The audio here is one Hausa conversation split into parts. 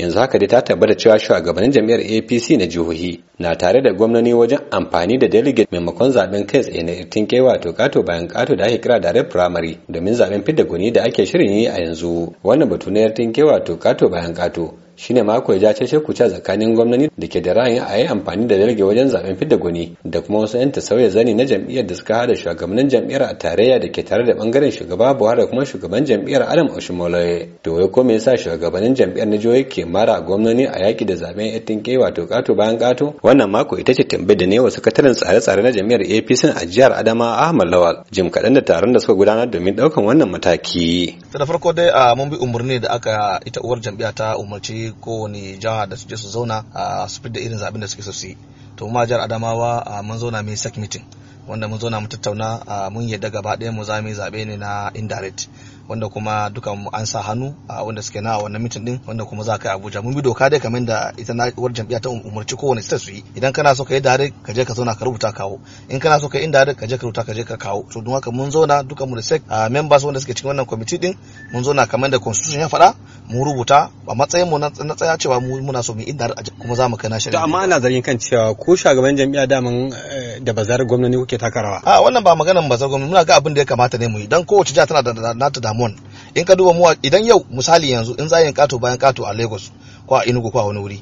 yanzu haka dai ta tabbata cewa shugabannin jami'ar apc na jihohi na tare da gwamnoni wajen amfani da delegate maimakon zaben kai tsaye na irtin kai wato kato bayan kato da ake kira da red primary domin zaben fidda gwani da ake shirin yi a yanzu wannan batu na irtin kai wato kato bayan kato shine mako ya ja ce ku tsakanin gwamnati da ke da ra'ayin a yi amfani da dalge wajen zaben fidda gwani da kuma wasu 'yan ta sauya zani na jam'iyyar da suka hada shugabannin jam'iyyar a tarayya da ke tare da bangaren shugaba Buhari da kuma shugaban jam'iyyar Adam Oshimole to wai ko me yasa shugabannin jam'iyyar na jihohi ke mara gwamnati a yaki da zaben yatin kai wato kato bayan kato wannan mako ita ce tambayar da ne wa sakataren tsare-tsare na jam'iyyar APC a jihar Adama Ahmad Lawal jim kaɗan da taron da suka gudanar domin ɗaukan wannan mataki. Da farko dai mun bi umarni da aka ita uwar jam'iyya ta umarci kowane jiha da suke su zauna a su da irin zaɓen da suke so su yi to ma jihar adamawa mun zauna mai sec meeting wanda mun zauna mu tattauna mun yadda gaba ɗaya mu za mu yi zaɓe ne na indirect wanda kuma duka an sa hannu a wanda suke na wannan mitin din wanda kuma za ka yi Abuja mun bi doka dai kamar da ita na war jam'iyya ta umurci kowane state su yi idan kana so ka yi dare ka je ka zauna ka rubuta kawo in kana so ka yi dare ka je ka rubuta ka je ka kawo to don haka mun zauna duka mu da sec ah, members wanda suke cikin wannan committee din mun zauna kamar da constitution ya faɗa mu rubuta a matsayin mu na tsaya cewa muna so mu dare kuma za mu kai na shari'a To amma ana zargin kan cewa ko shugaban jami'a daman eh, da bazar gwamnati kuke takarawa A ah, wannan ba maganar bazar gwamnati muna ga abin da ya kamata ne mu yi dan kowace jiha tana da nata damu common in ka duba muwa idan yau misali yanzu in za yin kato bayan kato a Lagos ko a Enugu ko a wani wuri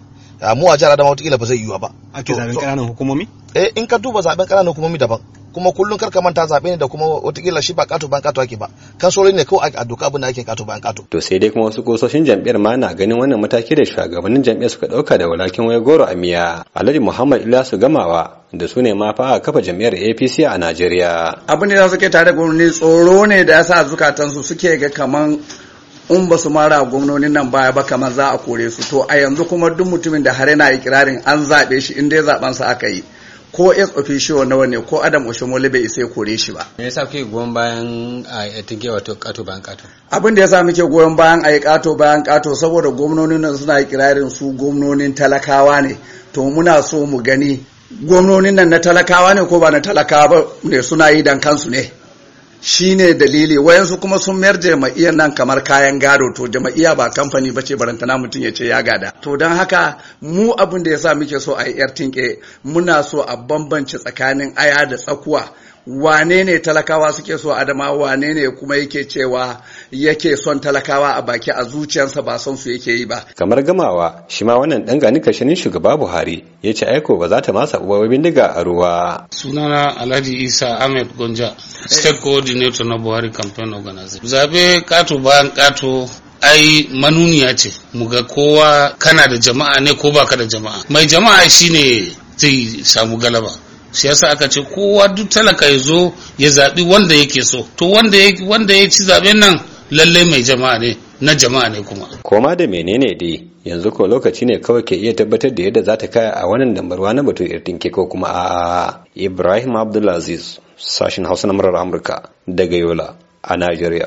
mu a jihar Adamawa wata ba zai yiwa ba ke zaben ƙananan hukumomi eh in ka duba zaben ƙananan hukumomi daban kuma kullum kar ka manta zaɓe ne da kuma watakila shi ba kato ban kato ake ba kan sauri ne kawai a doka abin da ake kato ban kato. to sai dai kuma wasu kososhin jam'iyyar ma na ganin wannan mataki da shugabannin jam'iyyar suka ɗauka da walakin waya goro a miya alhaji muhammad ilyasu gamawa da su ne ma fa a kafa jam'iyyar apc a najeriya. abin da suke tare da gwamnati tsoro ne da ya sa su suke ga kaman in ba su mara gwamnonin nan baya ba kamar za a kore su to a yanzu kuma duk mutumin da har yana ikirarin an zaɓe shi in dai zaɓensa aka yi ko ex officio nawa ne ko adam oshomole bai isa ya kore shi ba me yasa kuke goyon bayan a tinke wato kato bayan kato abin da yasa muke goyon bayan a yi kato bayan kato saboda gwamnonin nan suna kirarin su gwamnonin talakawa ne to muna so mu gani gwamnonin nan na talakawa ne ko ba na talakawa ne suna yi dan kansu ne shine dalili wayansu kuma sun mayar jama'iyyar nan kamar kayan gado to jama'iyya ba kamfani ba bace barantana mutum ya ce ya gada to don haka mu abin da yasa muke so a yi yar tinke muna so a bambance tsakanin aya da tsakuwa wane ne talakawa suke so adama wane ne kuma yake cewa yake son talakawa a baki a zuciyarsa ba son su yake yi ba kamar gamawa shi ma wannan dan gani kashinin shugaba buhari ya ce aiko ba za ta masa uwa bindiga a ruwa sunana alhaji isa ahmed gonja state coordinator na buhari campaign Organization. zabe kato bayan kato ai manuniya ce muga kowa kana da jama'a ne ko baka da jama'a mai jama'a shine zai samu galaba shi yasa aka ce kowa duk talaka ya zo ya zaɓi wanda yake so to wanda ya ci zaɓen nan lallai mai jama'a ne na jama'a ne kuma koma da menene dai yanzu ko lokaci ne kawai ke iya tabbatar da yadda za ta kaya a wannan dambarwa na batu ke ko kuma a ibrahim abdulaziz sashen hausa na murar amurka daga yola a najeriya